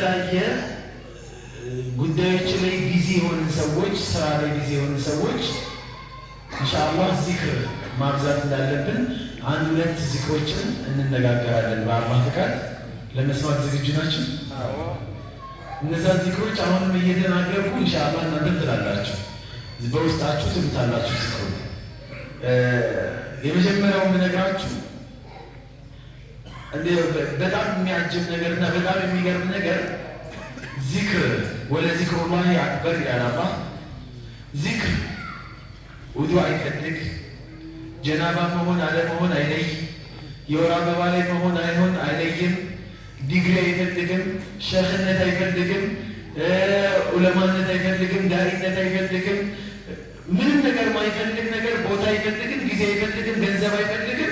የተለያየ ጉዳዮች ላይ ቢዚ የሆነ ሰዎች ስራ ላይ ቢዚ የሆነ ሰዎች ኢንሻአላህ ዚክር ማብዛት እንዳለብን አንድ ሁለት ዚክሮችን እንነጋገራለን። በአላህ ፍቃድ ለመስማት ዝግጁ ናቸው። እነዛ ዚክሮች አሁንም እየተናገርኩ ኢንሻአላህ እናንተ ትላላችሁ፣ በውስጣችሁ ትሉታላችሁ። ዚክሩ የመጀመሪያው የምነግራችሁ በጣም የሚያጅብ ነገር እና በጣም የሚገርም ነገር ዚክር ወለ ዚክሩላሂ አክበር ይላል ዚክር ውዱ አይፈልግ ጀናባ መሆን አለመሆን አይለይ የወር አበባ ላይ መሆን አይሆን አይለይም ዲግሪ አይፈልግም ሸህነት አይፈልግም ዑለማነት አይፈልግም ዳሪነት አይፈልግም ምንም ነገር ማይፈልግ ነገር ቦታ አይፈልግም ጊዜ አይፈልግም ገንዘብ አይፈልግም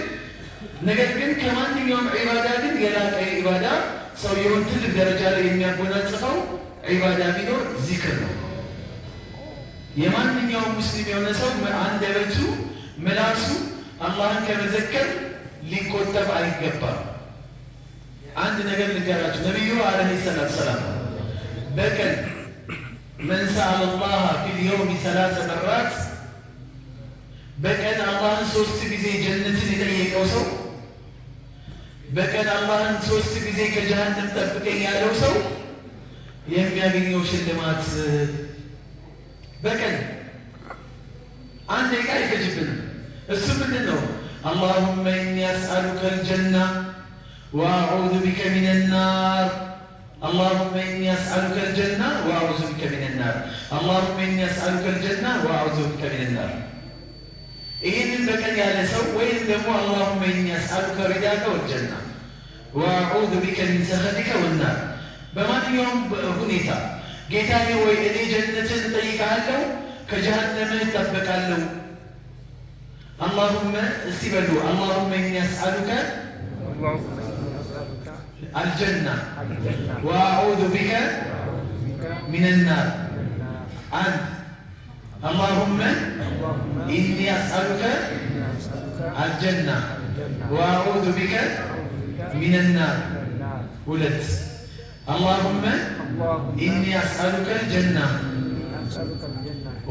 ነገር ግን ከማንኛውም ዒባዳ ግን የላቀ ዒባዳ ሰውየውን ትልቅ ደረጃ ላይ የሚያጎናጽፈው ዒባዳ ቢኖር ዚክር ነው። የማንኛውም ሙስሊም የሆነ ሰው አንደበቱ፣ ምላሱ አላህን ከመዘከር ሊቆጠብ አይገባም። አንድ ነገር ልንገራችሁ። ነቢዩ ዓለይሂ ሰላት ሰላም በቀን መን ሰአለ ላህ ሰላሰ መራት በቀን አላህን ሶስት ጊዜ የጠየቀው ሰው በቀን አላህን ሶስት ጊዜ ከጀሃንም ጠብቀኝ ያለው ሰው የሚያገኘው ሽልማት በቀን አንድ ደቂቃ አይፈጅብንም። እሱ ምንድን ነው? አላሁመ ኢኒ አስአሉከ አልጀና ወአዑዙ ቢከ ሚነናር አላሁመ እኒ አስአሉከ አልጀና ወአዑዙ ቢከ ሚነናር አላሁመ እኒ አስአሉከ አልጀና ወአዑዙ ቢከ ሚነናር ይህንን በቀን ያለ ሰው ወይም ደግሞ አላሁመ ኢኒ አስአሉከ ሪዳከ ወልጀና ወአዑዙ ቢከ ሚን ሰኸጢከ ወናር በማንኛውም ሁኔታ ጌታ ወይ እኔ ጀነትን እጠይቃለሁ ከጀሃነምህ እጠበቃለሁ። አላሁመ እስቲ በሉ አላሁመ ኢኒ አስአሉከ አልጀና ወአዑዙ ቢከ ሚንናር አንድ አላሁመ ኢኒ አስአሉከ አልጀና ወአዑዙ ቢከ ሚነናር። ሁለት አላሁመ ኢኒ አስአሉከ አልጀና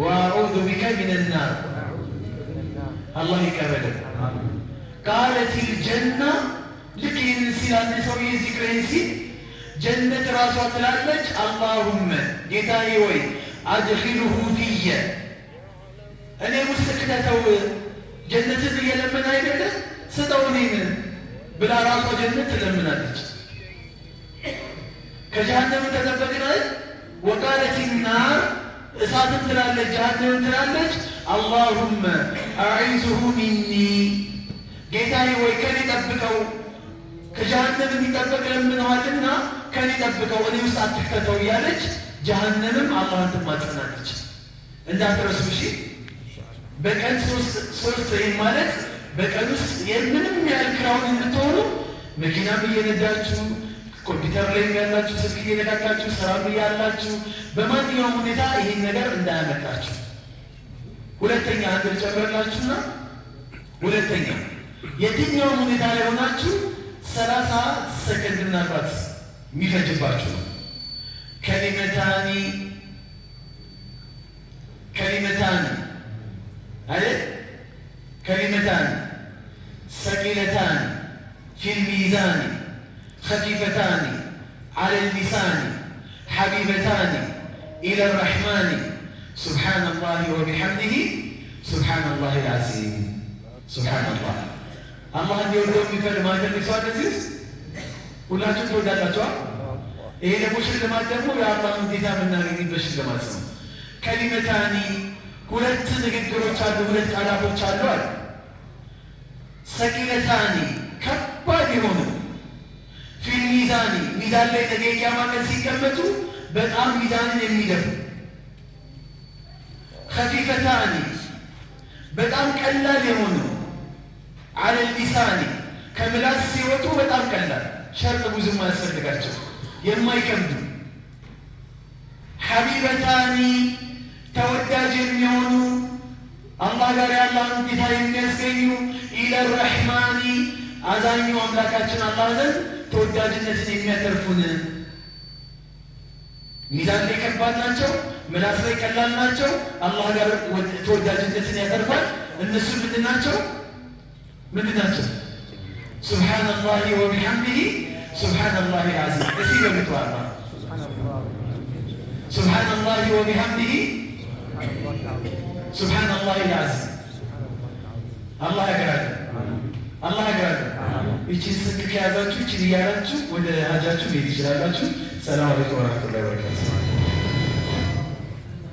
ወአዑዙ ቢከ ሚነናር። አላህ ይቀበለን። ቃለቲል ጀና ልክ ይህን ሲል አንድ ሰውዬ ዚክረኝ ሲል ጀነት ራሷ ትላለች። አላሁመ ጌታዬ ወይ አድኺልሁ ፊየ እኔ ውስጥ ክተተው ጀነትን እየለመን አይደለ ስጠው እኔን ብላ ራሷ ጀነት ትለምናለች። ከጀሃነም ተጠበቅን አይደል? ወቃለት ናር እሳትም ትላለች፣ ጀሃነምም ትላለች። አላሁመ አዒዝሁ ሚኒ ጌታዬ ወይ ከኔ ጠብቀው፣ ከጀሃነም የሚጠበቅ ለምነዋልና ከኔ ጠብቀው፣ እኔ ውስጥ አትክተተው እያለች ጀሀነምም አላህን ትማጸናለች። እንዳትረሱ እሺ። በቀን ሶስት ወይም ማለት በቀን ውስጥ የምንም ያህል ክራውን የምትሆኑ መኪናም እየነዳችሁ ኮምፒውተር ላይ ያላችሁ ስልክ እየነካካችሁ ስራም እያላችሁ በማንኛውም ሁኔታ ይህን ነገር እንዳያመጣችሁ። ሁለተኛ አንድ ጨምርላችሁና ሁለተኛ የትኛውም ሁኔታ ላይ ሆናችሁ ሰላሳ ሰከንድ ምናልባት የሚፈጅባችሁ ነው كلمتان كلمتان هذه كلمتان ثقيلتان في الميزان خفيفتان على اللسان حبيبتان إلى الرحمن سبحان الله وبحمده سبحان الله العظيم سبحان الله الله يقول لك ما تلبسوا النزيز ولا تقول لك ይሄ ደግሞ ሽልማት ደግሞ የአላህን ጌታ የምናገኝበት ሽልማት ነው። ከሊመታኒ ሁለት ንግግሮች አሉ፣ ሁለት ቃላቶች አሉ አለ ሰቂለታኒ ከባድ የሆኑ ፊል ሚዛኒ ሚዛን ላይ ነገ ቂያማ ቀን ሲቀመጡ በጣም ሚዛንን የሚደፉ ከፊፈታኒ በጣም ቀላል የሆኑ አለል ሊሳኒ ከምላስ ሲወጡ በጣም ቀላል ሸርጥ ብዙም አያስፈልጋቸው የማይከብዱ ሐቢበታኒ ተወዳጅ የሚሆኑ አላህ ጋር ያላን ጌታ የሚያስገኙ ኢለ ረሕማኒ አዛኙ አምላካችን አላህ ዘንድ ተወዳጅነትን የሚያተርፉን ሚዛን ላይ ከባድ ናቸው፣ ምላስ ላይ ቀላል ናቸው። አላህ ጋር ተወዳጅነትን ያተርፋል። እነሱ ምንድን ናቸው? ምንድን ናቸው? ወቢሐምዲሂ سبحان الله العظيم كثيرا متوارنا سبحان الله وبحمده سبحان الله العظيم الله أكبر الله أكبر إيشي سكك يا باتو إيشي يا باتو ولا حاجاتو ميدي شرابتو السلام عليكم ورحمة الله وبركاته